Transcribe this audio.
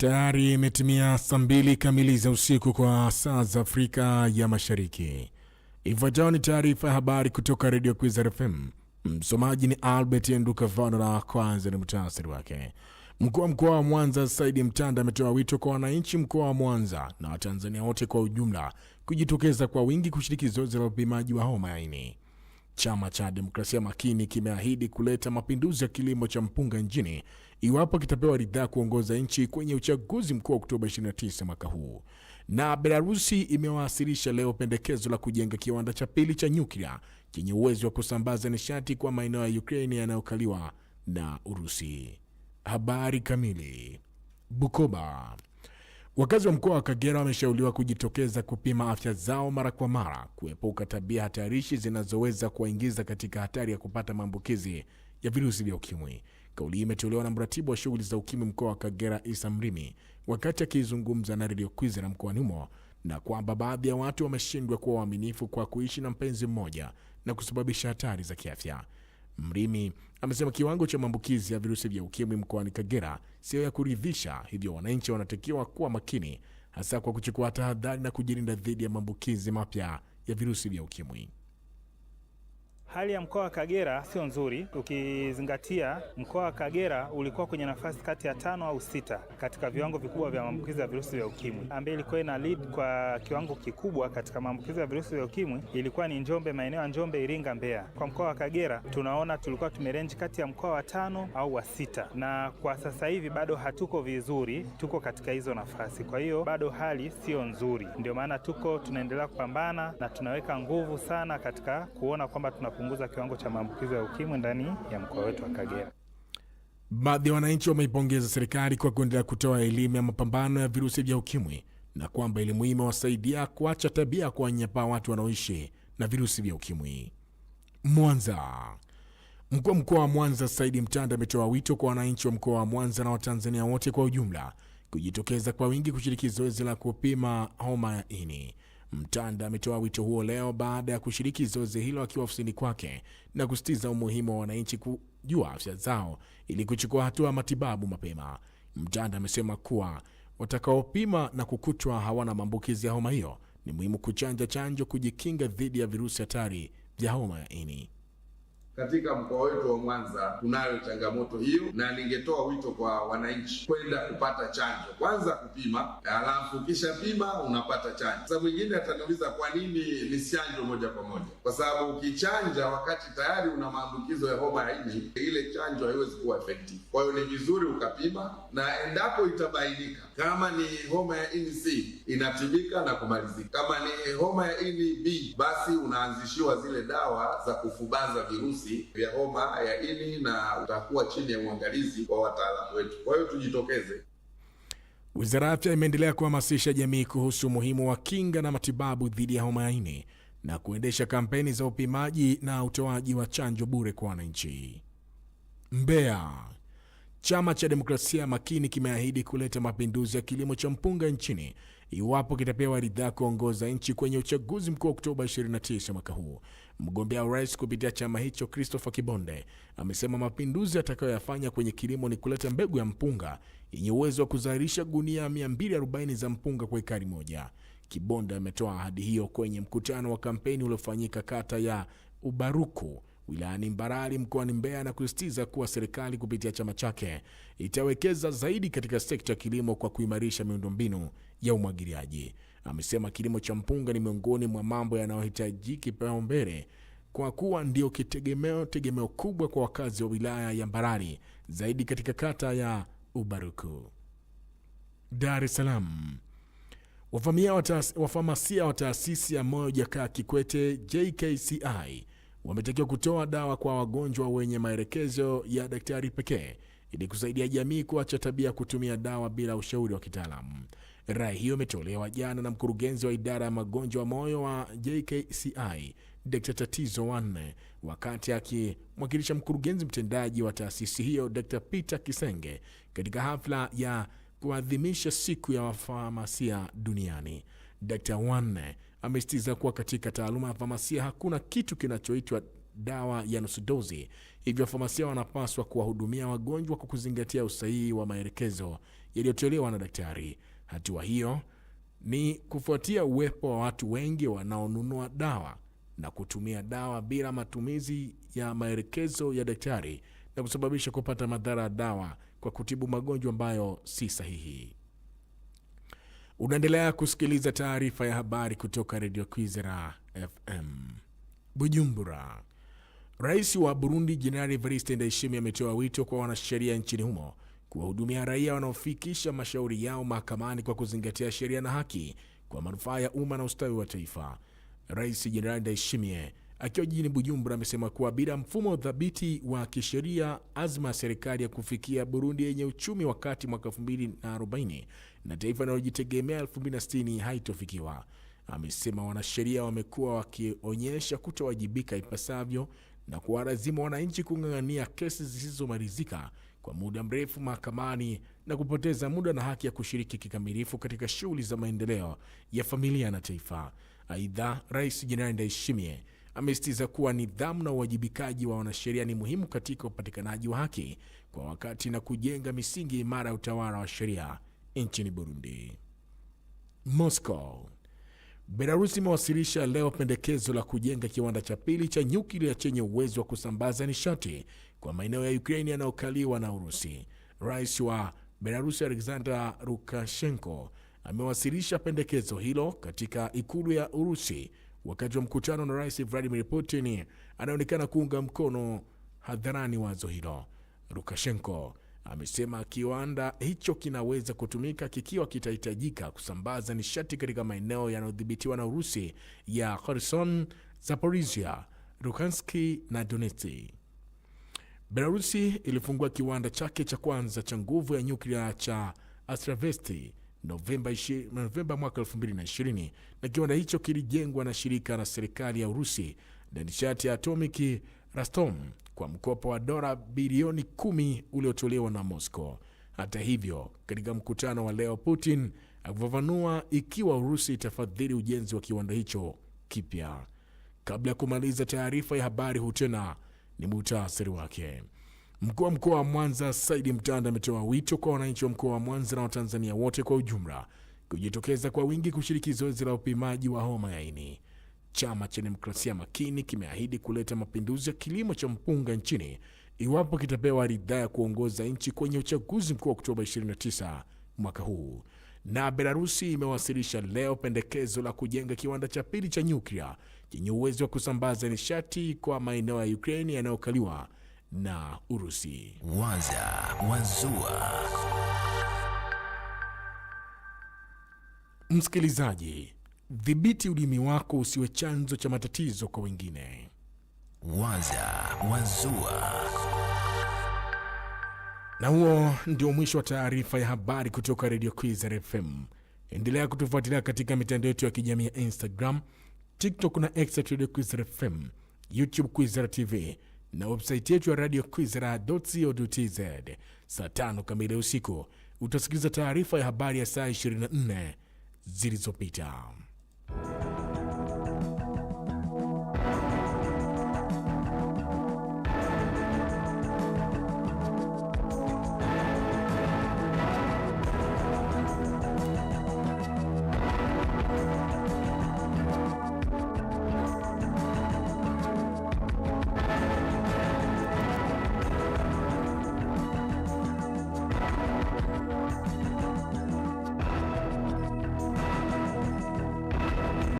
Tayari imetimia saa mbili kamili za usiku kwa saa za Afrika ya Mashariki. Ifuatayo ni taarifa ya habari kutoka Redio Kwizera FM. Msomaji ni Albert Ndukavano na kwanza ni muhtasari wake. Mkuu wa mkoa wa Mwanza Saidi Mtanda ametoa wito kwa wananchi mkoa wa Mwanza na Watanzania wote kwa ujumla kujitokeza kwa wingi kushiriki zoezi la upimaji wa homa ya ini. Chama cha Demokrasia Makini kimeahidi kuleta mapinduzi ya kilimo cha mpunga nchini iwapo kitapewa ridhaa kuongoza nchi kwenye uchaguzi mkuu wa Oktoba 29 mwaka huu. Na Belarusi imewasilisha leo pendekezo la kujenga kiwanda cha pili cha nyuklia chenye uwezo wa kusambaza nishati kwa maeneo ya Ukraini yanayokaliwa na Urusi. Habari kamili Bukoba. Wakazi wa mkoa wa Kagera wameshauriwa kujitokeza kupima afya zao mara kwa mara kuepuka tabia hatarishi zinazoweza kuwaingiza katika hatari ya kupata maambukizi ya virusi vya ukimwi. Kauli hii imetolewa na mratibu wa shughuli za ukimwi mkoa wa Kagera, Isa Mrimi, wakati akizungumza na Radio Kwizera mkoani humo, na kwamba baadhi ya watu wameshindwa kuwa waaminifu kwa kuishi na mpenzi mmoja na kusababisha hatari za kiafya. Mrimi amesema kiwango cha maambukizi ya virusi vya ukimwi mkoani Kagera siyo ya kuridhisha, hivyo wananchi wanatakiwa kuwa makini hasa kwa kuchukua tahadhari na kujilinda dhidi ya maambukizi mapya ya virusi vya ukimwi. Hali ya mkoa wa Kagera sio nzuri, ukizingatia mkoa wa Kagera ulikuwa kwenye nafasi kati ya tano au sita katika viwango vikubwa vya maambukizi ya virusi vya ukimwi, ambaye ilikuwa ina lead kwa kiwango kikubwa katika maambukizi ya virusi vya ukimwi ilikuwa ni Njombe, maeneo ya Njombe, Iringa, Mbeya. Kwa mkoa wa Kagera tunaona tulikuwa tumerenji kati ya mkoa wa tano au wa sita, na kwa sasa hivi bado hatuko vizuri, tuko katika hizo nafasi. Kwa hiyo bado hali sio nzuri, ndio maana tuko tunaendelea kupambana na tunaweka nguvu sana katika kuona kwamba tuna kupunguza kiwango cha maambukizo ya ukimwi ndani ya mkoa wetu wa Kagera. Baadhi ya wananchi wameipongeza serikali kwa kuendelea kutoa elimu ya mapambano ya virusi vya ukimwi na kwamba elimu hii imewasaidia kuacha tabia ya kuwanyapaa watu wanaoishi na virusi vya ukimwi. Mwanza. Mkuu wa mkoa wa Mwanza Saidi Mtanda ametoa wito kwa wananchi wa mkoa wa Mwanza na Watanzania wote kwa ujumla kujitokeza kwa wingi kushiriki zoezi la kupima homa ya ini. Mtanda ametoa wito huo leo baada ya kushiriki zoezi hilo akiwa ofisini kwake na kusisitiza umuhimu wa wananchi kujua afya zao ili kuchukua hatua ya matibabu mapema. Mtanda amesema kuwa watakaopima na kukutwa hawana maambukizi ya homa hiyo, ni muhimu kuchanja chanjo kujikinga dhidi ya virusi hatari vya homa ya ini katika mkoa wetu wa Mwanza tunayo changamoto hiyo, na ningetoa wito kwa wananchi kwenda kupata chanjo, kwanza kupima, alafu kisha pima unapata chanjo. Sababu mwingine ataniuliza kwa nini chanjo moja kwa moja? Kwa sababu ukichanja wakati tayari una maambukizo ya homa ya ini, ile chanjo haiwezi kuwa effective. Kwa hiyo ni vizuri ukapima, na endapo itabainika kama ni homa ya ini C inatibika na kumalizika, kama ni homa ya ini B basi unaanzishiwa zile dawa za kufubaza virusi virusi vya homa ya ini na utakuwa chini ya uangalizi wa wataalamu wetu. Kwa hiyo tujitokeze. Wizara ya Afya imeendelea kuhamasisha jamii kuhusu umuhimu wa kinga na matibabu dhidi ya homa ya ini na kuendesha kampeni za upimaji na utoaji wa chanjo bure kwa wananchi. Mbeya, chama cha demokrasia makini kimeahidi kuleta mapinduzi ya kilimo cha mpunga nchini iwapo kitapewa ridhaa kuongoza nchi kwenye uchaguzi mkuu wa Oktoba 29 mwaka huu. Mgombea urais kupitia chama hicho Christopher Kibonde amesema mapinduzi atakayoyafanya kwenye kilimo ni kuleta mbegu ya mpunga yenye uwezo wa kuzalisha gunia 240 za mpunga kwa ekari moja. Kibonde ametoa ahadi hiyo kwenye mkutano wa kampeni uliofanyika kata ya Ubaruku wilayani Mbarali mkoani Mbeya na kusisitiza kuwa serikali kupitia chama chake itawekeza zaidi katika sekta ya kilimo kwa kuimarisha miundombinu ya umwagiliaji. Amesema kilimo cha mpunga ni miongoni mwa mambo yanayohitaji kipaumbele kwa kuwa ndio kitegemeo tegemeo kubwa kwa wakazi wa wilaya ya Mbarali zaidi katika kata ya Ubaruku. Dar es Salaam. Wafamasia wa taasisi ya Moyo Jakaya Kikwete JKCI wametakiwa kutoa dawa kwa wagonjwa wenye maelekezo ya daktari pekee ili kusaidia jamii kuacha tabia ya kutumia dawa bila ushauri wa kitaalamu. Rai hiyo imetolewa jana na mkurugenzi wa idara ya magonjwa moyo wa JKCI d Tatizo Wanne wakati akimwakilisha mkurugenzi mtendaji wa taasisi hiyo d Peter Kisenge katika hafla ya kuadhimisha siku ya wafamasia duniani. Dkt. Wanne amesitiza kuwa katika taaluma ya famasia hakuna kitu kinachoitwa dawa ya nusu dozi, hivyo famasia wanapaswa kuwahudumia wagonjwa kwa kuzingatia usahihi wa maelekezo yaliyotolewa na daktari. Hatua hiyo ni kufuatia uwepo wa watu wengi wanaonunua dawa na kutumia dawa bila matumizi ya maelekezo ya daktari na kusababisha kupata madhara ya dawa kwa kutibu magonjwa ambayo si sahihi. Unaendelea kusikiliza taarifa ya habari kutoka redio Kwizera FM Bujumbura. Rais wa Burundi Jenerali Evariste Ndayishimiye ametoa wito kwa wanasheria nchini humo kuwahudumia raia wanaofikisha mashauri yao mahakamani kwa kuzingatia sheria na haki kwa manufaa ya umma na ustawi wa taifa. Rais Jenerali Ndayishimiye Akiwa jijini Bujumbura, amesema kuwa bila mfumo dhabiti wa kisheria, azma ya serikali ya kufikia Burundi yenye uchumi wa kati mwaka 2040 na taifa linalojitegemea 2060 haitofikiwa. Amesema wanasheria wamekuwa wakionyesha kutowajibika ipasavyo na kuwalazimu wananchi kung'ang'ania kesi zisizomalizika kwa muda mrefu mahakamani na kupoteza muda na haki ya kushiriki kikamilifu katika shughuli za maendeleo ya familia na taifa. Aidha, Rais Jenerali Ndayishimiye amesisitiza kuwa nidhamu na uwajibikaji wa wanasheria ni muhimu katika upatikanaji wa haki kwa wakati na kujenga misingi imara ya utawala wa sheria nchini Burundi. Moscow. Belarus imewasilisha leo pendekezo la kujenga kiwanda cha pili cha nyuklia chenye uwezo wa kusambaza nishati kwa maeneo ya Ukraini yanayokaliwa na Urusi. Rais wa Belarus Alexander Lukashenko amewasilisha pendekezo hilo katika ikulu ya Urusi wakati wa mkutano na Rais Vladimir Putin anaonekana kuunga mkono hadharani wazo hilo. Lukashenko amesema kiwanda hicho kinaweza kutumika kikiwa kitahitajika kusambaza nishati katika maeneo yanayodhibitiwa na Urusi ya Kherson, Zaporizhia, Luhansk na donetsi Belarusi ilifungua kiwanda chake cha kwanza cha nguvu ya nyuklia cha Astravesti Novemba, ishi, Novemba mwaka 2020 na kiwanda hicho kilijengwa na shirika la serikali ya Urusi la nishati ya atomiki Rastom kwa mkopo wa dola bilioni kumi uliotolewa na Moscow. Hata hivyo, katika mkutano wa leo Putin akufafanua ikiwa Urusi itafadhili ujenzi wa kiwanda hicho kipya. Kabla ya kumaliza taarifa ya habari hutena ni muhtasari wake. Mkuu wa mkoa wa Mwanza Saidi Mtanda ametoa wito kwa wananchi wa mkoa wa Mwanza na Watanzania wote kwa ujumla kujitokeza kwa wingi kushiriki zoezi la upimaji wa homa ya ini. Chama cha Demokrasia Makini kimeahidi kuleta mapinduzi ya kilimo cha mpunga nchini iwapo kitapewa ridhaa ya kuongoza nchi kwenye uchaguzi mkuu wa Oktoba 29 mwaka huu. Na Belarusi imewasilisha leo pendekezo la kujenga kiwanda cha pili cha nyuklia chenye uwezo wa kusambaza nishati kwa maeneo ya Ukraini yanayokaliwa na Urusi. Waza Wazua. Msikilizaji, dhibiti ulimi wako usiwe chanzo cha matatizo kwa wengine. Waza Wazua. Na huo ndio mwisho wa taarifa ya habari kutoka Radio Kwizera FM. Endelea kutufuatilia katika mitandao yetu ya kijamii ya Instagram, TikTok na X, Radio Kwizera FM, YouTube Kwizera TV na websaiti yetu ya Radio Kwizera co.tz. Saa tano kamili usiku utasikiliza taarifa ya habari ya saa 24 zilizopita.